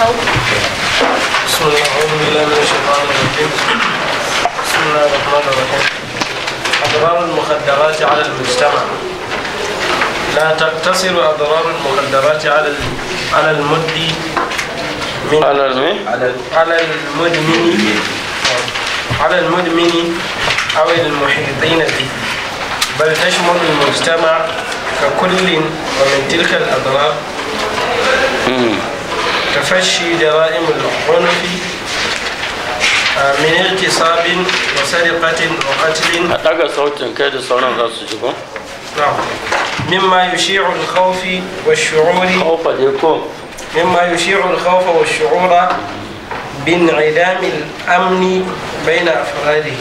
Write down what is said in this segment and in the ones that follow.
بسم الله أعوذ بالله من الشيطان الرجيم بسم الله الرحمن الرحيم أضرار المخدرات على المجتمع لا تقتصر أضرار المخدرات على على المدي من على على على المدمن على المدمن أو المحيطين به بل تشمل المجتمع ككل ومن تلك الأضرار تفشي جرائم العنف من اغتصاب وسرقة وقتل أتاقى صوت كيد صورة جبا نعم مما يشيع الخوف والشعور خوف يكون مما يشيع الخوف والشعور بانعدام الأمن بين أفراده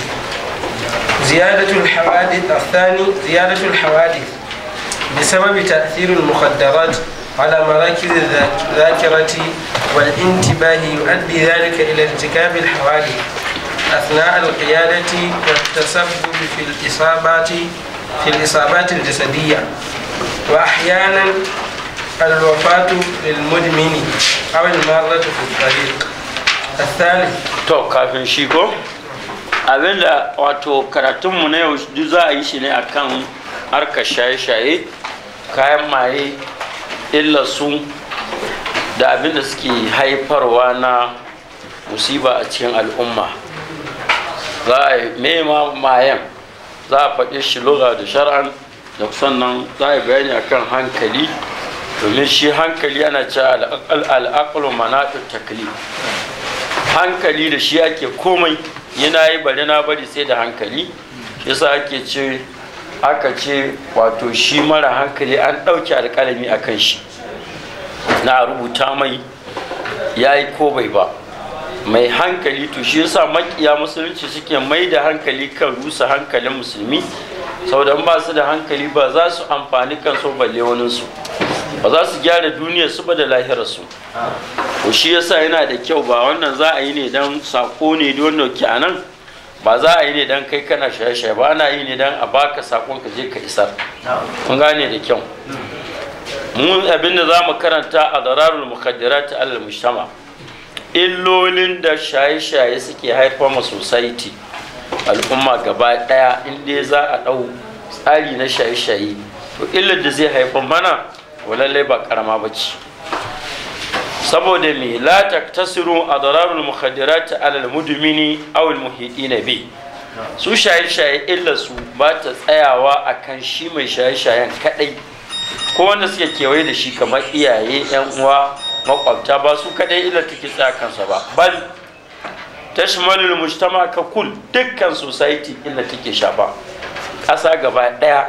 زيادة الحوادث الثاني زيادة الحوادث بسبب تأثير المخدرات على مراكز الذاكرة والانتباه يؤدي ذلك إلى ارتكاب الحوادث أثناء القيادة والتسبب في الإصابات في الإصابات الجسدية وأحيانا الوفاة للمدمن أو المارة في الطريق الثالث تو كافين شيكو abinda wato karatunmu na yau za a yi shi ne akan harkar shaye-shaye kayan maye su da abin da suke haifarwa na musiba a cikin al'umma za a yi mayan za a faɗi shi lura da shar'an da sannan za a yi bayani akan hankali domin shi hankali ana ce al'aqlu mana taklif hankali da shi ake komai yana yi bari na bari sai da hankali yasa ake ce aka ce wato shi mara hankali an ɗauki alƙalami a kan shi na rubuta mai ya yi ko bai ba mai hankali to shi yasa makiya musulunci suke mai da hankali kan rusa hankalin musulmi saboda ba su da hankali ba za su amfani kan kansu balle su. ba za su gyara duniya su ba da lahirarsu to shi yasa yana da kyau ba wannan za a yi ne don sako ne don ke anan ba za a yi ne dan kai kana shaye-shaye ba ana yi ne dan a baka sakon ka je ka isar kun gane da kyau mun abin da za mu karanta a zararul ta al mujtama illolin da shaye-shaye suke haifar ma society al'umma gaba daya inda za a dau tsari na shaye-shaye to illar da zai haifar mana walallai ba karama ba ce saboda me la taktasiru adararul mukhaddirat alal mudmini aw al muhiqina bi su shaye-shaye illa su ba ta tsayawa akan shi mai shaye-shayen kadai ko wanda suke kewaye da shi kamar iyaye yan uwa makwabta ba su kadai illar take tsaya ba bal tashmalul mujtama ka kul dukkan society illa take shafa ƙasa gaba ɗaya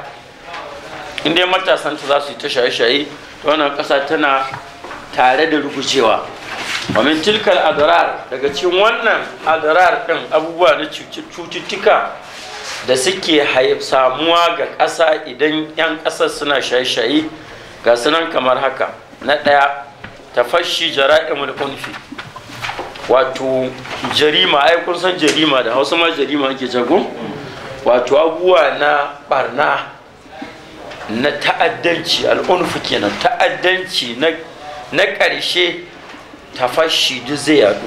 in dai matasan ta za su yi ta shaye-shaye to wannan ƙasa tana tare da rugujewa wamin tilkar adarar daga cikin wannan adarar ɗin abubuwa na cututtuka da suke samuwa ga ƙasa idan 'yan ƙasa suna shaye-shaye ga sunan kamar haka na ɗaya ta tafashi jara'imul unfi wato jarima ai kun san jarima da hausa ma jarima ake jago wato abubuwa na barna na ta'addanci al'unfu kenan ta'addanci na na ƙarshe tafashi duk zai yadu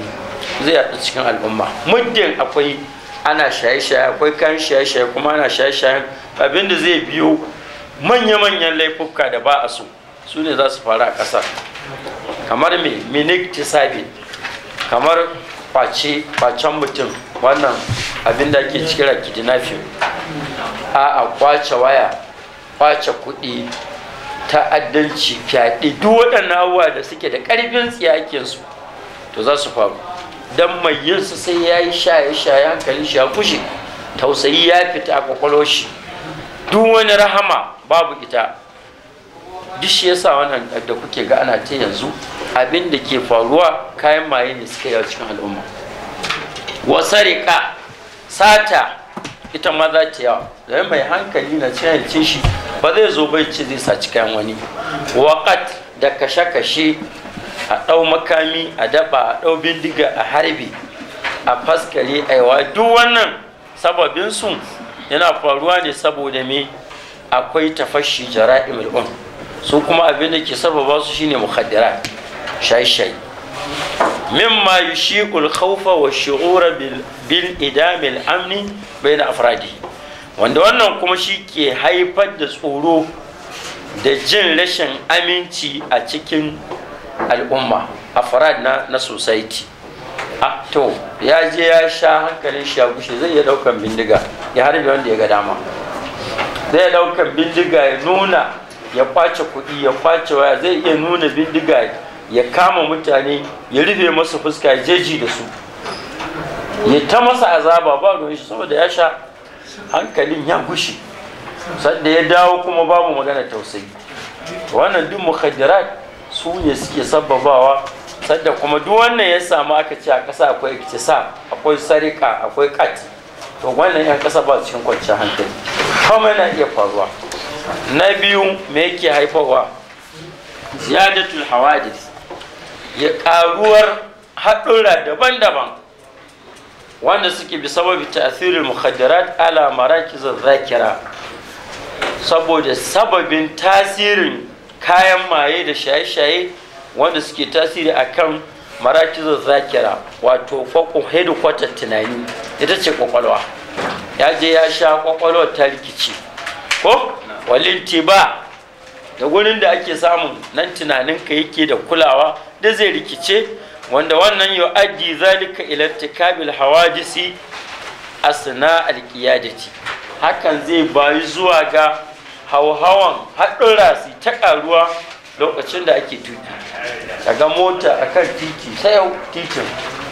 zai yadu cikin al'umma muddin akwai ana shaye-shaye akwai kan shaye-shaye kuma ana shaye shaye abinda zai biyo manya-manyan laifuka da ba a so su ne za su faru a ƙasa kamar me minik tisabi kamar kwace kwacen mutum wannan abinda da ake cikin rakidinafi a kwace waya kwace kuɗi ta'addanci fyaɗe duk waɗannan abubuwa da suke da ƙarfin su to za su faru don mai yin su sai ya yi shaye shaye hankali shi ya kushe tausayi ya fita a kwakwalo shi duk wani rahama babu ita duk shi yasa wannan da kuke ga ana ta yanzu abin da ke faruwa kayan maye ne suka yi a cikin al'umma wasarika sata ita ma za ta yawa da mai hankali na cin shi ba zai zo bai ce zai saci kayan wani waƙat da kashe-kashe a ɗau makami a daɓa a ɗau bindiga a harbi a faskare aiwa duk wannan sababinsu yana faruwa ne saboda me akwai tafashi jara um su kuma abin da ke sababa su shine mukhaddirat shaye-shaye مما يشيق الخوف والشعور amni الأمن بين afradi. wanda wannan kuma shi ke haifar da tsoro da jin rashin aminci a cikin al'umma a farad na, na society a ah, to ya je ya sha hankalin shi ya gushe zai iya daukan bindiga ya harbe wanda ya ga dama zai daukan bindiga ya nuna ya kwace kuɗi ya kwace waya zai iya nuna bindiga ya kama mutane ya rufe masu fuska ya jeji da su ya ta masa azaba ba ruwan shi saboda ya sha hankalin ya gushi sanda ya dawo kuma babu magana tausayi wannan duk mukhaddarat su ne suke sababawa sanda kuma duk wannan ya samu aka ce a ƙasa akwai iktisa akwai sarika akwai kat to wannan yan ƙasa ba cikin kwanciyar hankali kuma yana iya faruwa na biyu me yake haifarwa ziyadatul hawadis ya ƙaruwar haɗura daban-daban wanda suke bi sababi tasirin mukhaddarat ala marakiz zakira saboda sababin tasirin kayan maye da shaye-shaye wanda suke tasiri akan marakiz zakira wato fakon hedikwatar tunani ita ce kwakwalwa ya je ya sha kwakwalwar ta rikici ko walinti ba da gurin da ake samun nan tunaninka yake da kulawa da zai rikice wanda wannan yau ajiye zalika ila tikabil a asna alqiyadati hakan zai bayi zuwa ga hauhawan haɗin rasi ta ƙaruwa lokacin da ake tuki daga mota akan titi sayau yau titin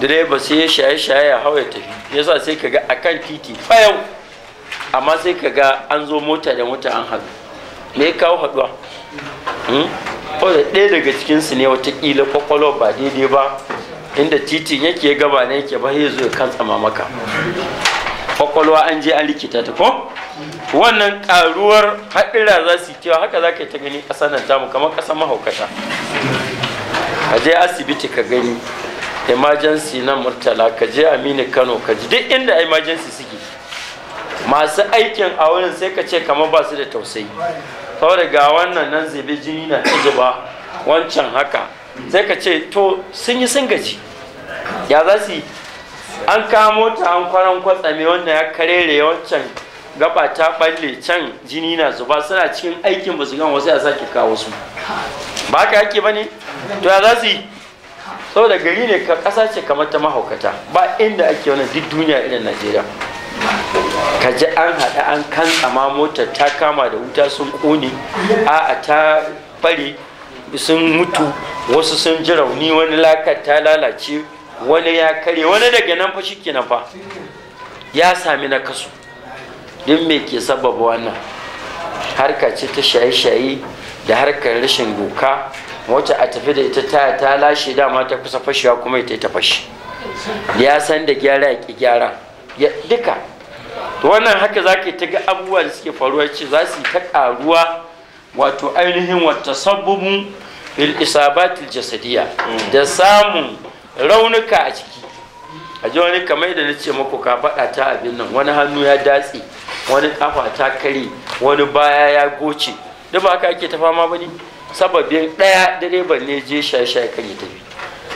direba sai ya shaye shaye ya hawa ya tafi yasa sai kaga kan titi fayau amma sai kaga an zo mota da mota an haɗu me kawo haɗuwa hmm? da ɗaya daga cikinsu ne watakila kwakwalwa ba daidai ba inda titin yake gaba ne yake ba ya zo ya kan tsama maka kwakwalwa an je an rikita ta ko wannan karuwar haɗira za su yi haka za ka yi ta gani ƙasa na tamu kamar ƙasa mahaukata a je asibiti ka gani emergency na murtala ka je aminu kano ka ji duk inda emergency suke masu aikin a wurin sai ka ce kamar ba su da tausayi saboda ga wannan nan zai jini na ta zuba wancan haka sai ka ce to sun yi sun gaji ya za su an kamo ta an kwaran kwatsame wannan ya karere wancan gaba ta balle can jini na zuba suna cikin aikin ba su gan wasu ya sake kawo su ba ka yake ba ne to ya za su yi saboda gari ne ka ƙasa ce kamar ta mahaukata ba inda ake wannan duk duniya irin najeriya ka ji an haɗa an kan tsama motar ta kama da wuta sun ƙone a ta fari sun mutu wasu sun ji rauni wani lakar ta lalace wani ya kare wani daga nan fa nan fa ya sami na kasu din me ke sababa wannan harka ce ta shaye-shaye da harkar rashin doka wacce a tafi da ita taya ta lashe dama ta kusa fashewa kuma ita ta fashe ya san da gyara ya ki gyara duka wannan haka za ka ta ga abubuwa da suke faruwa ce za su yi ta karuwa wato ainihin wata sabbin fil isabatil jasadiya da samun raunuka a ciki a ji wani kamar da na ce maku ka faɗa ta abin nan wani hannu ya datse wani kafa ta kare wani baya ya goce duk ba haka ake ta fama ba ne sababin ɗaya direban ne je sha sha kan ya tafi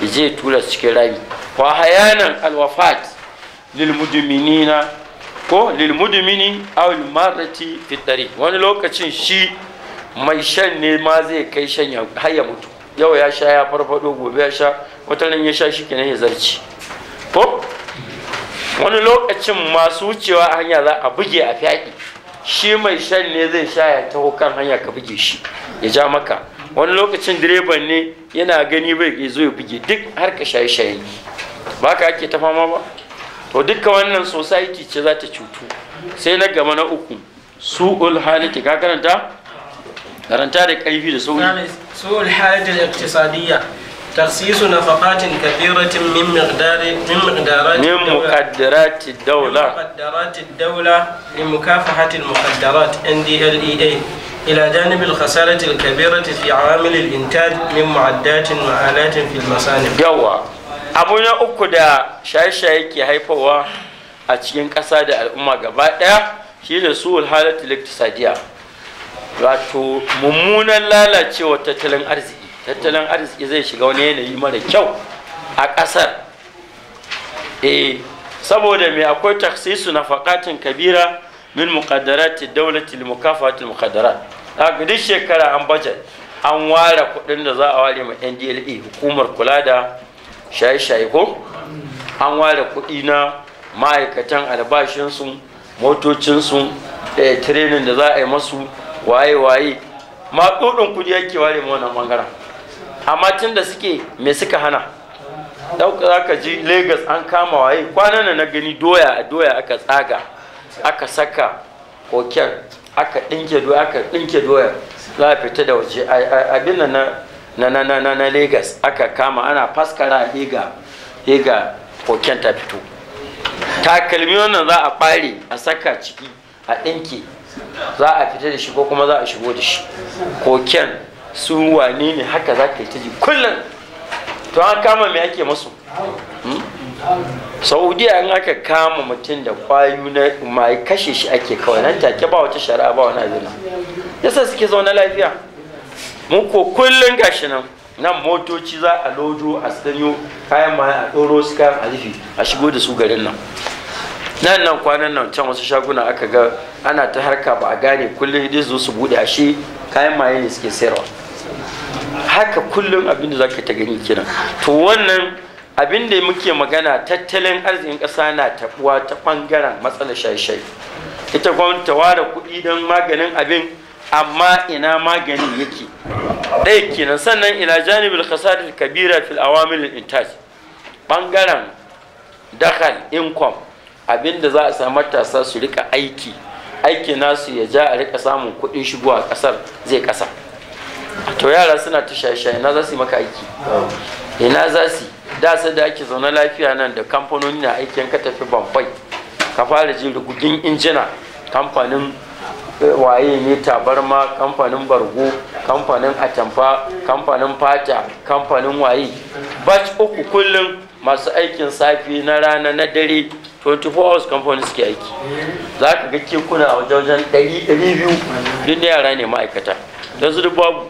ya je tura cikin rami wa hayanan alwafat mudminina ko mudmini aw marati fi tari wani lokacin shi mai shan ne ma zai kai shan har ya mutu yau ya sha ya farfado gobe ya sha wata nan ya sha shi kenan ya zarci ko wani lokacin masu wucewa hanya za a buge a fyaɗi shi mai shan ne zai sha ya taho kan hanya ka buge shi ya ja maka wani lokacin direban ne yana gani bai zo ya buge duk har ka shaye shaye ba ka ake ta fama ba to dukkan wannan society ce za ta cutu sai na gama na uku su ul haliki ka karanta karanta da karfi da sauri تخصيص نفقات كبيرة من مقدار من مقدارات من مقدرات الدولة من مقدرات الدولة لمكافحة المخدرات NDLEA إلى جانب الخسارة الكبيرة في عوامل الإنتاج من معدات وآلات في المصانع. يوا abuna uku da shaye-shaye ke haifarwa a cikin ƙasa da al'umma gaba ɗaya shi da su halatul iktisadiya wato mummunan lalacewa tattalin arziki tattalin arziki zai shiga wani yanayi mara kyau a ƙasar eh saboda me akwai taksisu na faƙatin kabira min muƙaddarati daulati mukafatul muƙaddara A duk shekara an bajet an ware kuɗin da za a ware ma ndla e, hukumar kula da shaye-shaye ko an ware kuɗi na ma'aikatan albashinsu motocinsu da eh, tirenin da za a yi masu waye-waye ma kuɗi yake ware ma wannan ɓangaren amma tun da suke me suka hana za ka ji lagos an kama waye kwanan na gani doya a doya aka tsaga aka saka koken aka ɗinke doya aka ɗinke doya za a fita da waje abin na na na na na lagos aka kama ana faskara hega hega koken ta fito takalmi wannan za a ɓare a saka ciki a ɗinke za a fita da shi ko kuma za a shigo da shi koken Sun, wane ne haka za ka yi ta ji kullum to an kama me ake masu hmm? saudiya an aka kama mutum da kwayu na mai kashe shi ake kawai nan take ba wata shari'a ba wani Ya yasa suke zaune lafiya mu ko kullum gashi nan nan motoci za a lodo a sanyo kayan maye a ɗoro su kayan alifi a shigo da su garin nan nan nan kwanan nan can wasu shaguna aka ga ana ta harka ba a gane kullum idan zo su bude ashe kayan maye ne suke sayarwa haka kullum abinda za ka ta gani kenan to wannan abin da muke magana tattalin arzikin ƙasa na taɓuwa ta ɓangaren matsalar shaye-shaye ita gwamnati ta ware kuɗi don maganin abin amma ina maganin yake ɗaya kenan sannan ina janibin kasar kabira fil awamilin intaj ɓangaren dakal income abinda za a samu matasa su rika aiki aiki nasu ya ja a rika samun kuɗin shigo a ƙasar zai ƙasa to yara suna ta shaye na za su yi maka aiki ina za su da su da ake zaune lafiya nan da kamfanoni na aikin ka tafi bambai ka fara jin rugugin injina kamfanin eh, waye ne tabarma kamfanin bargo kamfanin atamfa kamfanin fata kamfanin waye batch uku kullum masu aikin safi na rana na dare 24 hours company suke aiki za ka ga kekuna a wajen 200 duk yara ne ma'aikata don su babu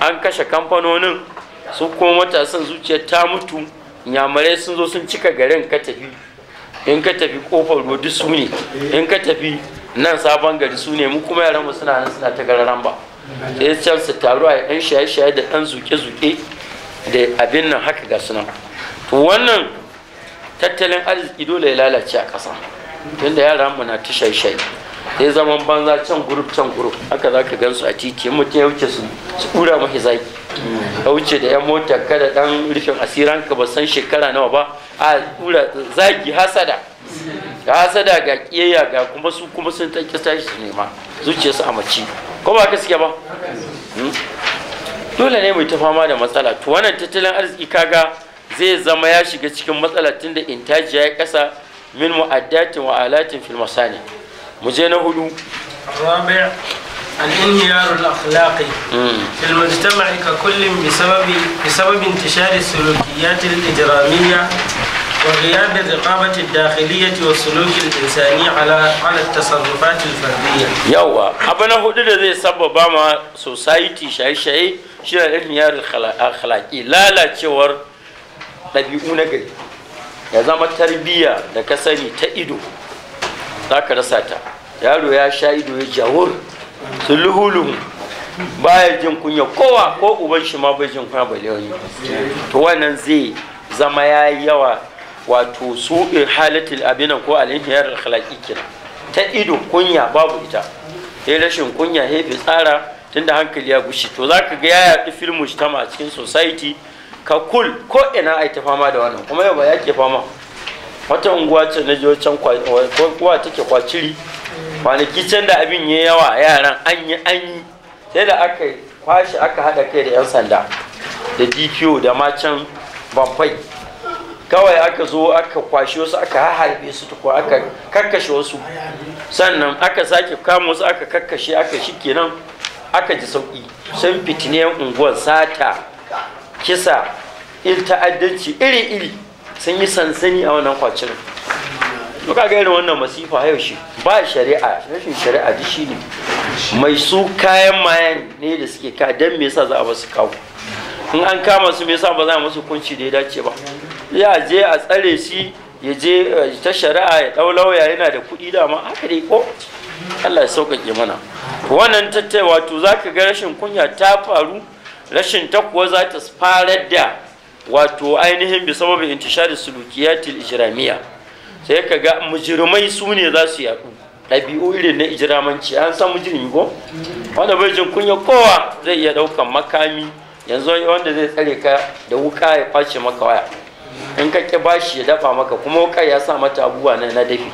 an kashe kamfanonin su kuma matasan zuciya ta mutu yamurai sun zo sun cika garin ka tafi in ka tafi kofar rodi su ne in ka tafi nan sabon gari su ne mu kuma yaran mu suna nan suna ta gararan ba sai can su taru a yan shaye-shaye da ɗan zuke-zuke da abin nan haka ga sunan wannan tattalin arziki dole ya lalace a ƙasa tunda yara mu na ta shaishai sai zaman banza can gurup can gurup haka za ka gan su a titi mutum ya wuce su su kura mahi zaki ka wuce da yan mota kada dan rufin asiran ka ba san shekara nawa ba a kura zagi hasada ga hasada ga kiyayya ga kuma su kuma sun ta kisa shi ne ma zuciya su a mace ko ba gaskiya ba hmm? dole ne mai ta fama da matsala to wannan tattalin arziki kaga zai zama ya shiga cikin matsalar tunda intaji ya yi ƙasa min mu'addatin wa alatin fil masani mu je na hudu rabi' الانهيار الاخلاقي في المجتمع ككل بسبب بسبب انتشار السلوكيات الاجراميه وغياب الرقابة الداخلية والسلوك الإنساني على على التصرفات الفردية. يوا أبنا هدد ذي سبب ما سوسايتي شاي شاي شنو الانهيار الأخلاقي لا لا تشور ɗabi'u na gari ya zama tarbiyya da ka sani ta ido za ka rasa ta yaro ya sha ido ya jawur su luhulun baya jin kunya kowa ko uban shi ma bai jin kunya ba wani to wannan zai zama ya yi yawa wato su in eh, halittar abinan ko al'inhiyar alhalaki kira ta ido kunya babu ita sai rashin kunya sai tsara tunda hankali ya gushi to za ka ga ya yaɗi filmu shi a cikin society ka kul ko ina ai ta fama da wannan kuma yau ba ya ke fama wata unguwa ce na jiyo can kwa take kwaciri kwanaki can da abin ya yawa yaran an yi an yi sai da aka kwashe aka haɗa kai da 'yan sanda da dpo da macen bamfai kawai aka zo aka kwashe wasu aka harbe su tukwa aka kakkashe wasu sannan aka sake kama wasu aka kakkashe aka shi kenan aka ji sauki sun fitine unguwar sata kisa il ta'addanci iri-iri sun yi sansani a wannan kwacin duka ga irin wannan masifa yau shi ba shari'a rashin shari'a ji shi ne mai su kayan mayan ne da suke ka don me yasa za a basu kawo in an kama su me yasa ba za a musu kunci da ya dace ba ya je a tsare shi ya je eh, ta shari'a ya ɗau lauya yana da kuɗi ma haka dai ko Allah ya sauƙaƙe mana wannan tattai wato za ga rashin kunya ta faru rashin takwa za ta farar da wato ainihin bi sababi intishari sulukiyatil ijramiya sai ka ga mujirmai su ne za su yaɗu ɗabi'u irin na ijiramanci an san mujirmi ko wanda bai jin kunya kowa zai iya ɗaukan makami yanzu wanda zai tsare ka da wuka ya kwace maka waya in ka ƙi bashi ya dafa maka kuma wuka ya sa mata abubuwa na na dafi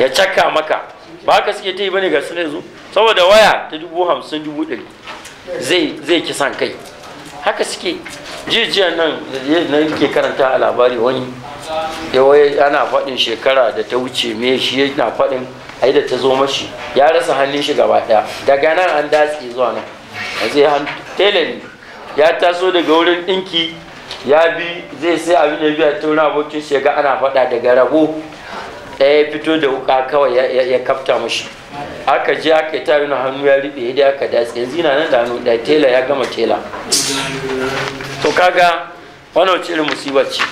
ya caka maka ba haka suke ta yi bane ga su zu saboda waya ta dubu hamsin dubu ɗari zai kisan kai haka suke jijiya nan na ke karanta a labari wani yawai ana faɗin shekara da ta wuce me shi yana faɗin ai da ta zo mashi ya rasa hannun shi gaba ɗaya daga nan an datse zuwa nan ya ya taso daga wurin ɗinki ya bi zai sai abin da biya ta wurin abokin shiga ana faɗa daga rago ɗaya ya fito da wuka kawai ya kafta mushi aka je aka yi tarin hannu ya riɓe da aka dace. yanzu yana nan da hannu da tela ya gama tela to kaga wani wace irin musiba ce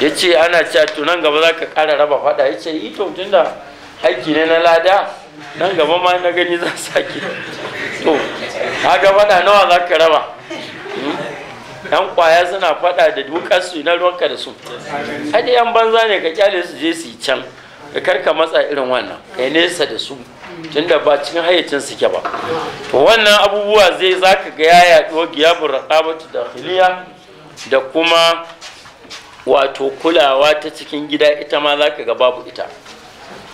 ya ce ana cewa to nan gaba za ka ƙara raba faɗa ya ce ito da aiki ne na lada nan gaba ma na gani za su sake to haka faɗa nawa za ka raba yan kwaya suna faɗa da su na ruwanka da su hadi yan banza ne ka kyale su je su yi can ka karka matsa irin wannan ka yi nesa da su tunda ba cikin hayyacin ke ba to wannan abubuwa zai za ka ga ya yaduwa giyabun da hiliya da kuma wato kulawa ta cikin gida ita ma za ka ga babu ita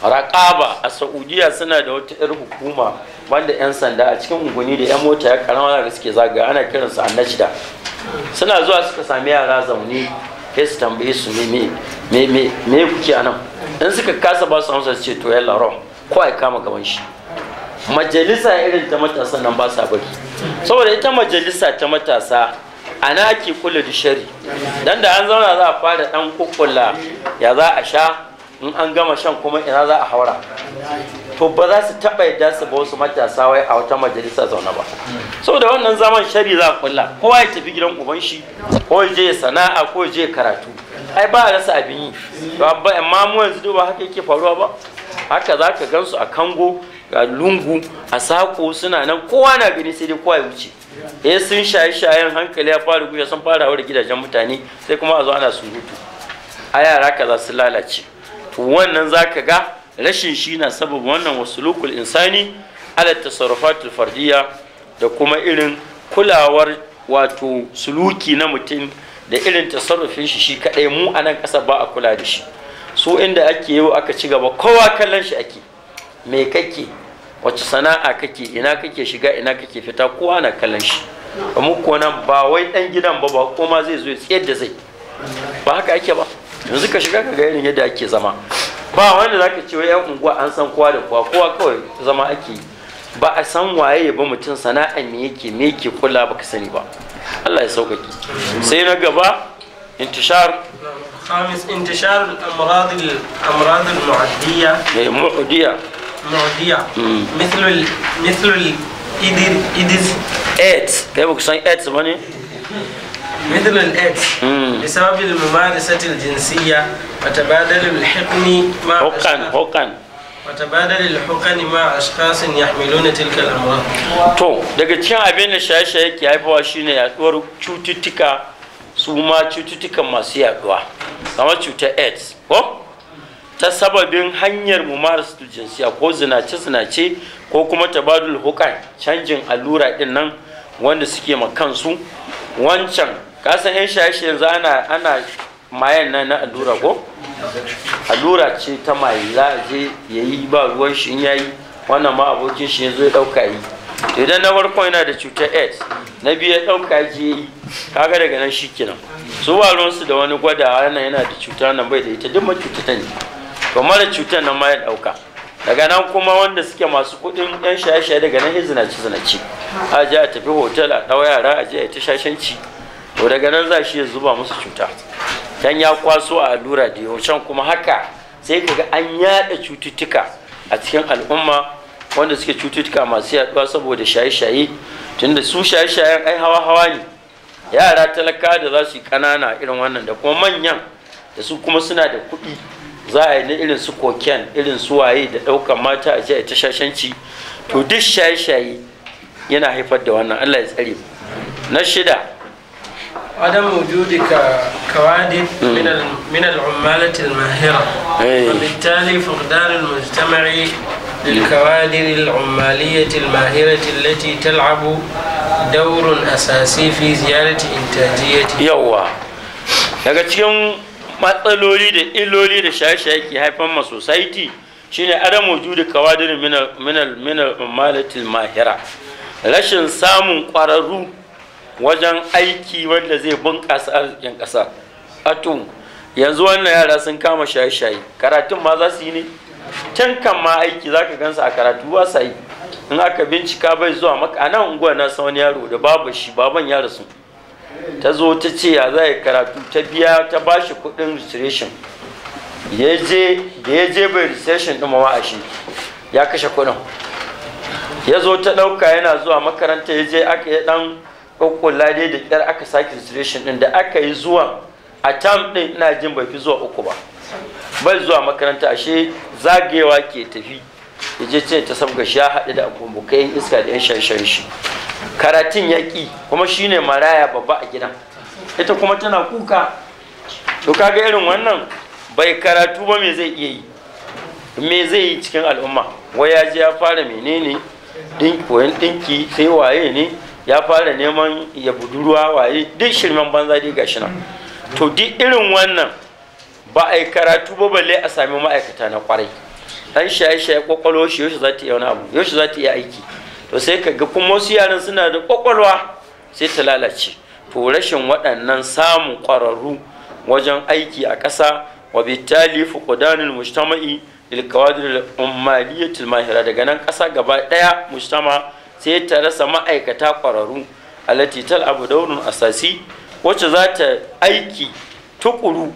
raƙaba a Saudiyya suna da wata 'yar hukuma wanda 'yan sanda a cikin unguni da 'yan mota ya karama da suke zaga ana kiransu annashida suna zuwa suka sami yara zaune sai su tambaye su me me kuke anan in suka kasa ba su amsa ce to ya laro ko ai kama gaban shi majalisa irin ta matasa nan ba sa bari saboda ita majalisa ta matasa ana ake kula da shari dan da an zauna za a fara dan kukkulla ya za a sha in an gama shan kuma ina za a haura to ba za su taɓa yadda su ba wasu matasa wai a wata majalisa zaune ba saboda wannan zaman shari za a kulla kowa ya tafi gidan uban shi ko je sana'a ko ya je karatu ai ba a rasa abin yi to amma mu yanzu ba haka yake faruwa ba haka za ka gansu a kango ga lungu a sako suna nan kowa na gani sai dai kowa ya wuce eh sun shaye shayen hankali ya fara guya sun fara hawa gidajen mutane sai kuma a zo ana surutu a yara kaza su lalace to wannan ka ga rashin shi na sabab wannan wasulukul insani ala tasarrufatul fardiyya da kuma irin kulawar wato suluki na mutum da irin tasarrufin shi shi kadai mu a nan ƙasa ba a kula da shi Su inda ake yau aka ci gaba kowa kallon shi ake me kake wace sana'a kake ina kake shiga ina kake fita kowa na kallon shi ba mu nan ba wai ɗan gidan ba ba koma zai zo ya tsayar da zai ba haka ake ba yanzu ka shiga ka ga irin yadda ake zama ba wanda za ka ce wai yan unguwa an san kowa da kowa kowa kawai zama ake ba a san waye ba mutum sana'a me yake me yake kula baka sani ba Allah ya sauƙaƙe sai na gaba intishar خامس انتشار الامراض الامراض المعديه معديه معديه مثل ال مثل الايدز ايدز ايدز كيف كسان ايدز بني مثل الإكس بسبب الممارسة الجنسية وتبادل الحقن مع حقن حقن وتبادل الحقن مع أشخاص يحملون تلك الأمراض تو daga cikin abin da shaye-shaye ke haifawa shine yaɗuwar cututtuka su ma cututtukan masu yaduwa kamar cutar AIDS ta sababin hanyar mumarasatul jinsiya ko zinace-zinace ko kuma ta tabadul hukan canjin allura din nan wanda suke ma kansu wancan kasan yan shashi yanzu ana ana mayan nan na allura ko allura ce ta maye za a je ya yi ba ruwan shi in ya yi wannan ma abokin shi yanzu ya ɗauka yi to idan na farko yana da cutar aids na biyu ya ɗauka je yi kaga daga nan shi kenan su ba ruwansu da wani gwada wannan yana da cuta nan bai da ita duk ma cuta ta ne to mara cutar nan ma ya ɗauka daga nan kuma wanda suke masu kuɗin yan shaye-shaye daga nan ya zinaci zinaci a je a tafi hotel a ɗau yara a je a ta shashanci to daga nan za shi ya zuba musu cuta dan ya kwaso a allura da can kuma haka sai kaga an yada cututtuka a cikin al'umma wanda suke cututtuka masu yaduwa saboda shaye-shaye tunda su shaye shaye ai hawa-hawa ne yara talaka da za su yi kanana irin wannan da kuma manyan da su kuma suna da kuɗi za a yi na irin su koken irin su waye da ɗaukan mata a ta shashanci to duk shaye-shaye yana haifar da wannan allah ya tsare na shida عدم وجودك كوادر من من العمالة الماهرة وبالتالي فقدان المجتمع للكوادر العمالية الماهرة التي تلعب دور أساسي في زيادة إنتاجيته يوا daga cikin matsaloli da iloli da shaye-shaye ke haifar ma society shine adam wujudu kawadirin minal minal minal mahira rashin samun ƙwararru wajen aiki wanda zai bunƙasa arzikin ƙasa atun yanzu wannan yara sun kama shaye-shaye karatun ma za su yi ne can kan ma aiki za ka gansa a karatu ba sa yi in aka bincika bai zuwa maka a nan unguwa na san wani yaro da babu shi baban ya rasu ta zo ta ce ya za karatu ta biya ta ba shi kuɗin registration ya je da ya je bai registration ɗin mawa a shi ya kashe kuɗin ya zo ta ɗauka yana zuwa makaranta ya je aka ya ɗan kokola dai da kyar aka sake registration din da aka yi zuwa a tam din ina jin bai fi zuwa uku ba bai zuwa makaranta ashe zagayewa ke tafi Yaje ce ta sabga shi ya haɗu da abokai iska da yan shanshan shi karatun ƙi kuma shine maraya babba a gidan ita kuma tana kuka to kaga irin wannan bai karatu ba me zai iya yi me zai yi cikin al'umma wai ya je ya fara menene koyon ɗinki sai waye ne ya fara neman ya budurwa waye duk shirmen banza dai gashi nan to duk irin wannan ba a yi karatu ba balle a sami ma'aikata na kwarai dan shaye shaye kwakwalwa shi yoshi zata iya wani abu yoshi zata iya aiki to sai ka ga kuma wasu yaran suna da kwakwalwa sai ta lalace to rashin waɗannan samun ƙwararru wajen aiki a ƙasa wa bitali fuqdanul mujtama'i lil qawadir al ummaliyatil mahira daga nan ƙasa gaba ɗaya mujtama' sai ta rasa ma'aikata ƙwararru a latital abu daunin asasi wacce za ta aiki tukuru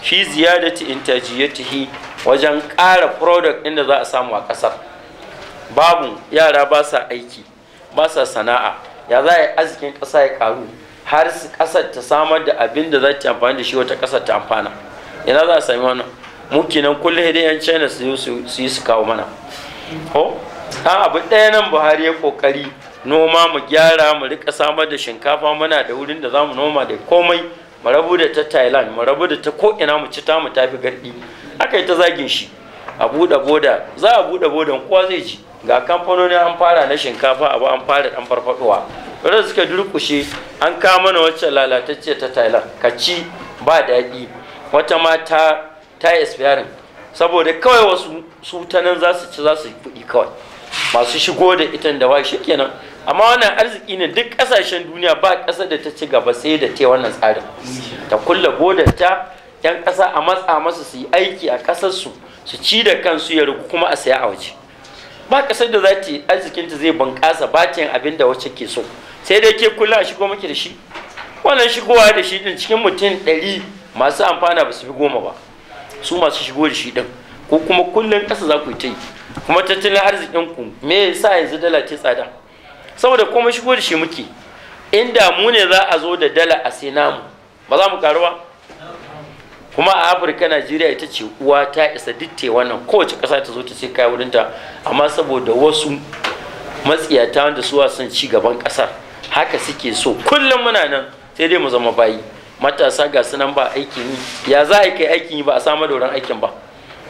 fi ziyadati intajiyatihi wajen ƙara product inda za a samu a ƙasar babu yara ba sa aiki ba sa sana'a ya za a yi arzikin ƙasa ya ƙaru har ƙasar ta samar da abin da za ta amfani da shi wata ƙasar ta amfana ina za a sami wannan mukinan kullum dai yan china su yi su kawo mana ko a abu ɗaya nan buhari ya ƙoƙari noma mu gyara mu rika samar da shinkafa muna da wurin da za mu noma da komai mu rabu da ta thailand mu rabu da ta ko'ina mu ci ta mu tafi garɗi aka yi ta zagin shi a buɗe boda za a buɗe bodan kowa zai ji ga kamfanoni an fara na shinkafa abu an fara ɗan farfaɗowa wanda suka durƙushe an kama mana wacce lalatacce ta thailand ka ci ba daɗi wata ma ta ta saboda kawai wasu su ta nan za su ci za su kuɗi kawai masu shigo da ita da wa kenan amma wannan arziki ne duk kasashen duniya ba ƙasar da ta ci gaba sai da ta wannan tsarin ta kulla godarta ta yan ƙasa a matsa masa su yi aiki a ƙasar su su ci da kansu ya rugu kuma a saya a waje ba ƙasar da za ta arzikin ta zai bunƙasa ba ta yin abin da wacce ke so sai dai ke kula a shigo maki da shi wannan shigowa da shi din cikin mutum ɗari masu amfana ba su fi goma ba su masu shigo da shi din ko kuma kullum ƙasa za ku yi ta yi kuma tattalin arzikin ku me yasa yanzu dala ce tsada saboda kuma shigo da shi muke inda mu ne za a zo da dala a sai namu ba za mu karu ba kuma a afirka najeriya ita ce uwa ta isa ditte wannan kowace ƙasa ta zo ta sai kaya wurinta amma saboda wasu matsiyata wanda suwa son ci gaban ƙasar haka suke so kullum muna nan sai dai mu zama bayi matasa ga sunan ba aikin yi ya za a kai aikin yi ba a samar da wurin aikin ba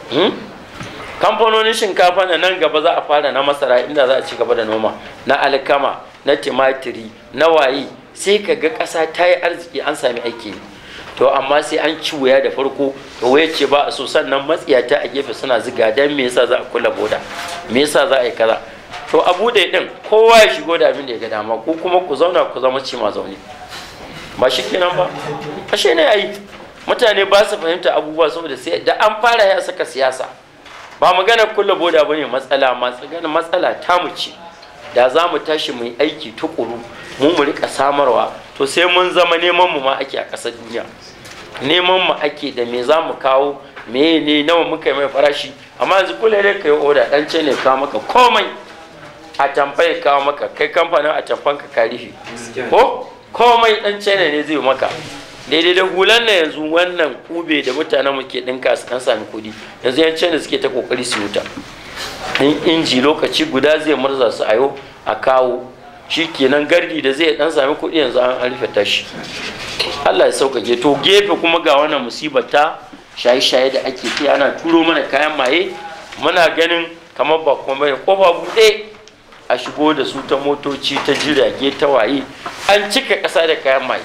hmm? kamfanonin shinkafa na nan gaba za a fara na masara inda za a ci gaba da noma na alkama na timatiri na waye sai ka ga ƙasa ta yi arziki an sami aiki to amma sai an ci wuya da farko to waya ce ba a so sannan matsiyata a gefe suna ziga dan me yasa za a kula boda me yasa za a yi kaza to abu da din kowa ya shigo da abin da ya ga dama ko kuma ku zauna ku zama ci ma zaune ba shi kenan ba ashe ne ai mutane ba su fahimta abubuwa saboda sai da an fara ya saka siyasa ba magana kulla boda ba ne matsala matsala matsala ta mu ce da za mu tashi mu yi aiki tukuru mu mu rika samarwa to sai mun zama neman mu ma ake a ƙasar duniya neman mu ake da me za mu kawo me ne nawa muka yi mai farashi amma yanzu kula dai ka yi oda dan ce ne kawo maka komai a tambaye kawo maka kai kamfanin a tamfanka ka rufe ko komai dan ce ne zai maka daidai da hulan na yanzu wannan kube da mutanenmu ke dinka su sami kudi yanzu yancin da suke ta ƙoƙari su wuta in inji lokaci guda zai murza su ayo a kawo shi kenan gardi da zai ɗan sami kudi yanzu an rufe tashi Allah ya sauƙaƙe to gefe kuma ga wannan musibata ta shaye-shaye da ake ci ana turo mana kayan maye muna ganin kamar ba kuma bane kofa buɗe a shigo da su ta motoci ta jirage ta waye an cika ƙasa da kayan maye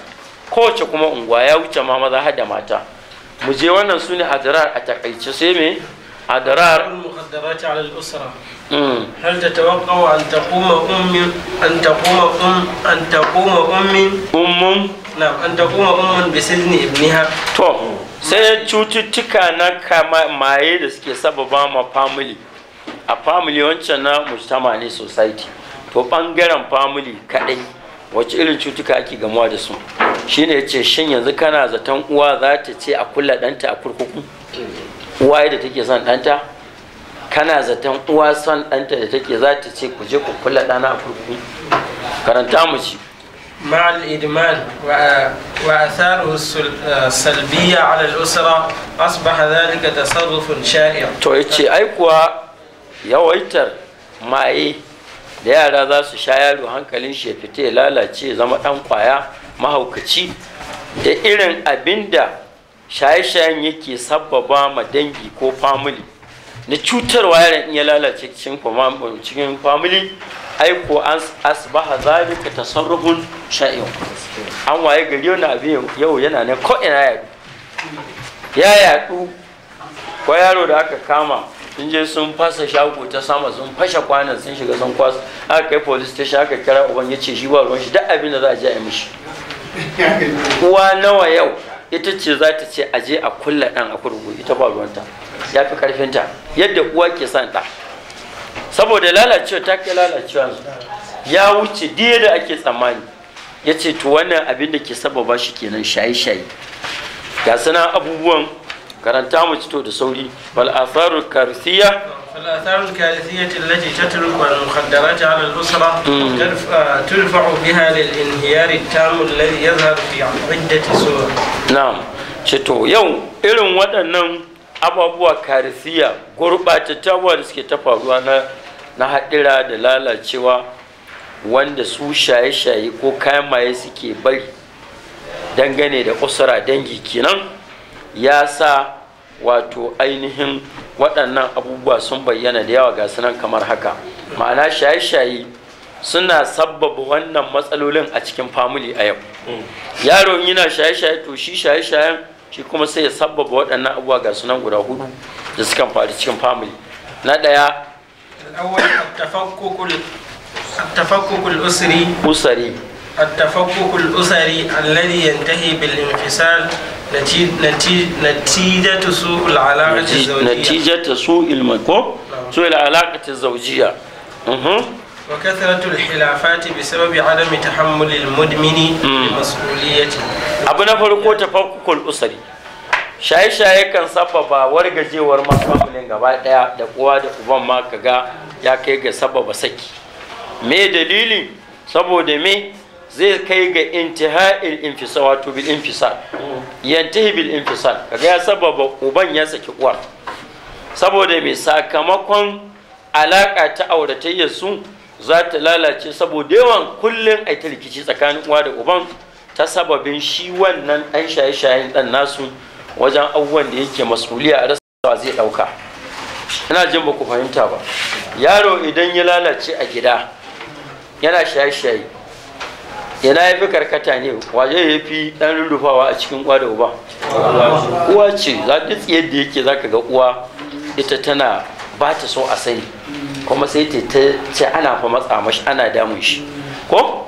kowace kuma unguwa ya wuce ma maza har da mata mu je wannan sune adrar a takaice sai me adrar المخدرات على الأسرة هل تتوقع أن تقوم أم أن تقوم أم أن تقوم أم أم نعم أن تقوم أم بسجن ابنها to sai cututtuka na kama maye da suke sababa ma family a family wancan na mujtama ne society to bangaren family kadai wace irin cutuka ake gamuwa da su shine ya ce shin yanzu kana zaton uwa za ta ce a kulla ɗanta a kurkuku uwa da take son ɗanta kana zaton uwa son ɗanta da take za ta ce ku je ku kulla ɗana a kurkuku karanta mu ci مع الإدمان وآثاره السلبية على الأسرة أصبح ذلك تصرف شائع. تو أيكوا ai kuwa yawaitar maye. da yara za su sha yaro hankalin shi ya fita ya lalace zama ɗan kwaya mahaukaci da irin abinda shaye-shayen yake sabbaba ma dangi ko famili na cutarwa yaran in ya lalace cikin famili aiko an asbaha zalika tasarrufun sha'in an waye gari wani abin yau yana ne ko ina ya ya yaɗu ko yaro da aka kama sun je sun fasa shago ta sama sun fashe kwanan sun shiga sun kwasa aka kai police station aka kira uban ya ce shi ba ruwan shi duk abin da za a je a yi mishi uwa nawa yau ita ce za ta ce aje a kulla ɗan a kurgu ita ba ruwanta ya fi karfinta yadda uwa ke son da saboda lalacewa ta kai lalacewa ya wuce diya da ake tsammani ya ce to wannan abin da ke sababa shi kenan shaye-shaye ga sana abubuwan karanta mu cito da sauri fal atharul karsiyya fal atharul karsiyya allati tatruku al mukhaddarat ala al usra hmm. ah, tudfa'u biha lil inhiyar tam alladhi yazhar fi iddati suwar na'am cito yau irin waɗannan ababuwa karisiya gurɓatattawa da suke ta faruwa na na haɗira da lalacewa wanda su shaye-shaye ko kayan maye suke bari dangane da usura dangi kenan ya sa wato ainihin waɗannan abubuwa sun bayyana da yawa ga nan kamar haka ma'ana shaye-shaye suna sabbaba wannan matsalolin a cikin famili a yau mm. yaro yana shaye-shaye to shi shaye-shayen shi kuma sai ya sabbaba waɗannan abubuwa ga sunan guda hudu da suka faru cikin famili na ɗaya tafakkukul usari التفكك الأسري الذي ينتهي بالانفصال نتيجة سوء العلاقة الزوجية نتيجة سوء المكوب سوء العلاقة الزوجية وكثرة الخلافات بسبب عدم تحمل المدمن لمسؤوليته أبو نفر كو تفكك الأسري shaye-shaye kan sababa wargajewar ma familin gaba daya da uwa da uban ma kaga ya kai ga sababa saki me dalili saboda me zai kai ga intiha'il infisal wato bil infisal yantahi bil infisal kaga ya sababa uban ya saki uwa. saboda mai sakamakon alaka ta auratayyar su za ta lalace saboda yawan kullum a ta rikici tsakanin uwa da uban ta sababin shi wannan ɗan shaye shaye ɗan nasu wajen abubuwan da yake masuliya a rasawa zai ɗauka ina jin ba ku fahimta ba yaro idan ya lalace a gida yana shaye-shaye yana ya fi karkata ne wa zai ya fi ɗan rurrufawa a cikin uwa da uba uwa ce za ta tsaye da yake za ka ga uwa ita tana ba ta so a sani kuma sai ta ce ana fa matsa mashi ana damun shi ko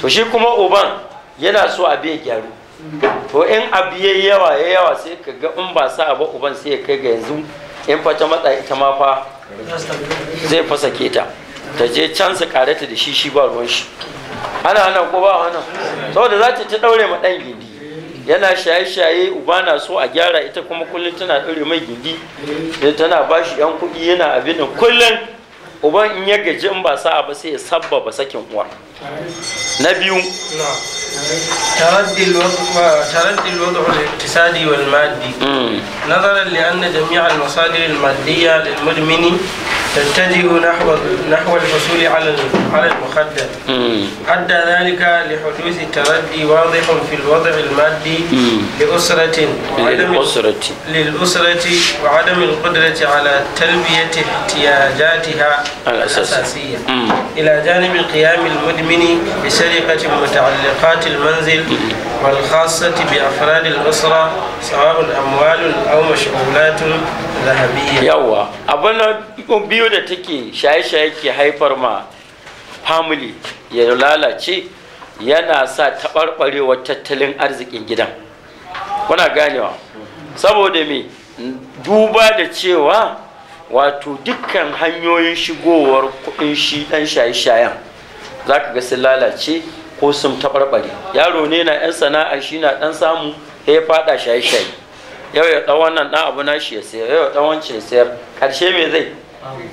to shi kuma uban yana so a biya gyaru to in abu yayi yawa ya yawa sai ka ga in ba sa ba uban sai ya kai ga yanzu in fa ta matsa ita ma fa zai fasa keta ta je can su karata da shi shi ba ruwan shi ana ana ko ba hana saboda za ta ta daure ma dan gindi yana shaye-shaye uba na so a gyara ita kuma kullum tana daure mai gindi sai tana ba shi yan kuɗi yana abin kullum uban in ya gaji in ba sa'a ba sai ya sabbaba sakin uwa نبيو نعم تردي الوضع تردي الوضع الاقتصادي والمادي نظرا لأن جميع المصادر المادية للمدمن تتجه نحو نحو الحصول على على المخدر أدى ذلك لحدوث تردي واضح في الوضع المادي لأسرة للأسرة للأسرة وعدم القدرة على تلبية احتياجاتها الأساسية إلى جانب قيام المدمن المؤمن بسرقة متعلقات المنزل والخاصة بأفراد الأسرة سواء أموال أو مشغولات ذهبية يوا أبنا يكون بيودة تكي شاي شاي كي هاي فرما فاملي يلالا ya yana sa taɓarɓarewar tattalin arzikin gidan kuna ganewa saboda me duba da cewa wato dukkan hanyoyin shigowar kuɗin shi ɗan shaye-shayen za ka ga sun lalace ko sun taɓarɓare yaro ne na yan sana'a shi na ɗan samu ya faɗa shaye shaye yau ya dan wannan dan abu nashi ya sayar yau dan wancan ya sayar karshe me zai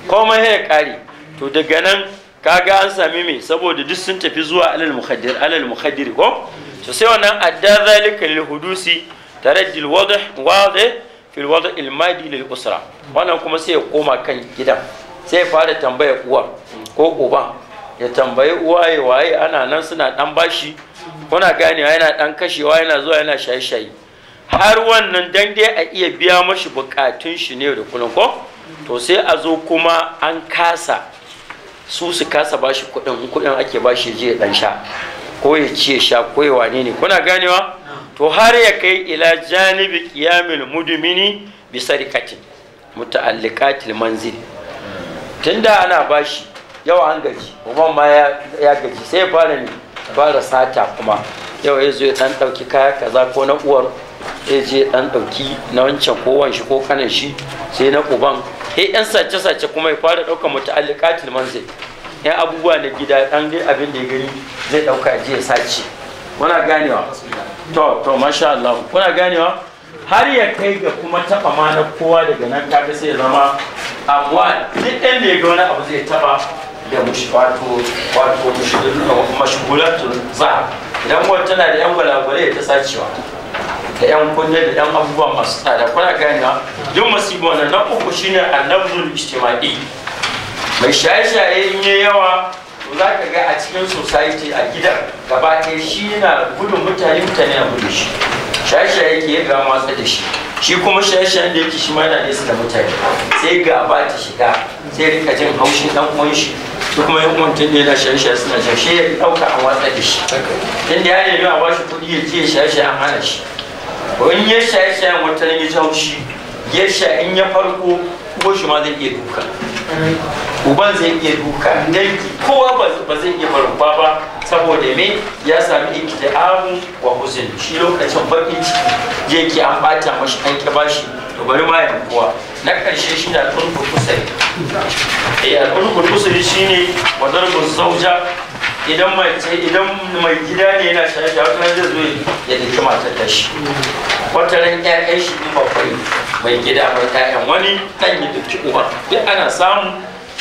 komai ya kare to daga nan ga an sami me saboda duk sun tafi zuwa alal muhaddir alal muhaddir ko to sai wannan adda zalika lil hudusi taraddil wadih wadih fil wadih al lil usra wannan kuma sai ya koma kan gidan sai ya fara tambaya uwa ko uban ya tambayi uwaye waye ana nan suna dan bashi kuna ganewa yana dan kashewa yana zuwa yana shaye-shaye har wannan dan dai a iya biya mashi bukatun shi ne da kullum ko to sai a zo kuma an kasa su su kasa bashi kuɗin kudin ake bashi je dan sha ko ya ci sha ko ya wane ne kuna ganewa to har ya kai ila janibi qiyamil mudmini bi sarikatin muta'alliqatil manzil tunda ana bashi yau an gaji uban ma ya gaji sai fara ne fara sata kuma yau ya zo ya dan dauki kaya kaza ko na uwar ya je dan dauki na wancan ko wanshi ko kanan shi sai na uban sai yan sace sace kuma ya fara daukar muta'alliqatil manzil yan abubuwa na gida dan dai abin da ya gani zai dauka je ya sace kuna ganewa to to masha Allah kuna ganewa har ya kai ga kuma taba ma na kowa daga nan kaga sai ya zama amma um, duk ɗan da ya ga wani abu zai taba da wato wato mashgulatun za idan mawar tana da yan gwalagwale ta sacewa da yan kunne da yan abubuwa masu tsada kuna gani duk masibo na na uku shine annabzul ijtima'i mai shaye-shaye in yi yawa to za ka ga a cikin society a gidan gaba ɗaya shi yana gudun mutane mutane na gudun shi shaye-shaye ke ga matsa da shi shi kuma shaye-shayen da yake shi ma yana nesa da mutane sai ga ba ta shiga sai rika jin haushin ɗan uwan shi su kuma yan uwan tun yana shaye suna shaye shi ya ɗauka an watsa da shi inda ya a bashi kuɗi ya je shaye-shaye an hana shi in ya shaye-shaye wata ya ji haushi ya sha in ya farko ko shi ma zai iya duka uban zai iya duka dangi kowa ba zai iya barba ba saboda me ya sami ikita amu wa huzin shi lokacin bakin ciki je ki an bata mashi an ki bashi to bari ma ya kowa na ƙarshe shi ne eh, A kusuri eh alƙulkul kusuri shi ne wadargun sauja idan mai gida ne yana shaye da wata zai zo ya daki matar da shi wata ran ƴaƴan shi ne bakwai mai gida mai ƴaƴan wani ɗan ya daki uba duk ana samu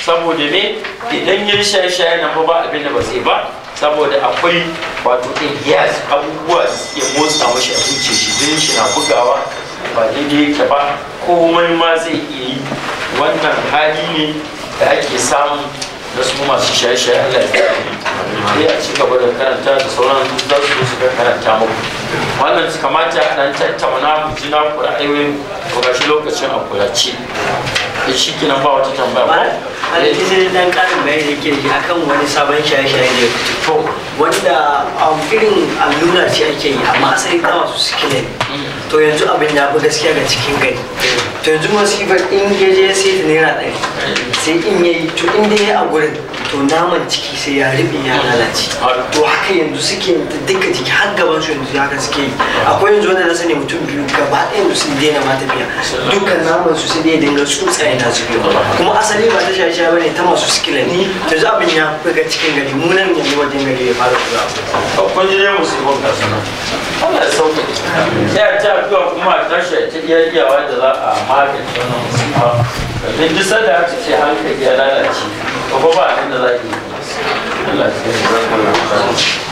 saboda ne idan ya shaye shaye na ba abin da ba sai ba saboda akwai wato ɗin abubuwa ya motsa mashi a zuciya shi jinin shi na bugawa ba daidai yake ba komai ma zai iya yi wannan hali ne da ake samu da su masu shaye-shaye Allah ya tsaye a ci gaba da karanta da sauran da su suka karanta muku wannan su kamata a ɗan tattauna ku ji na ku ra'ayoyin ko ga shi lokacin a kulace da eh, shi nan ba wata tambaya ba alhaji eh. dan karin da ke yi akan wani sabon shaye-shaye ne to wanda um, irin allura ce ake yi amma sai kama su suke ne to yanzu abin ya fi gaskiya ga cikin gari to yanzu masifar in ya je sai da naira ɗari sai in ya yi to in dai a gurin to naman ciki sai ya rufe ya lalace to haka yanzu suke ta duka jiki har gaban su yanzu haka suke yi akwai yanzu wanda na sani mutum biyu gaba ɗaya yanzu sun daina ma tafiya dukkan naman su sai dai dinga tsutsa yana zubewa kuma asali ba ta shaye-shaye ba ta masu sikila ne za abin ya buga cikin gari mu nan yanzu wajen gari ya fara kula akwai jirgin musibin kasuwa Allah ya sauƙaƙe ya ta kuma tashi ta iya iyawa da za a haka ta wannan musifa domin duk sanda aka ce hankali ya lalace ba ba abin da za ki yi Allah ya tsare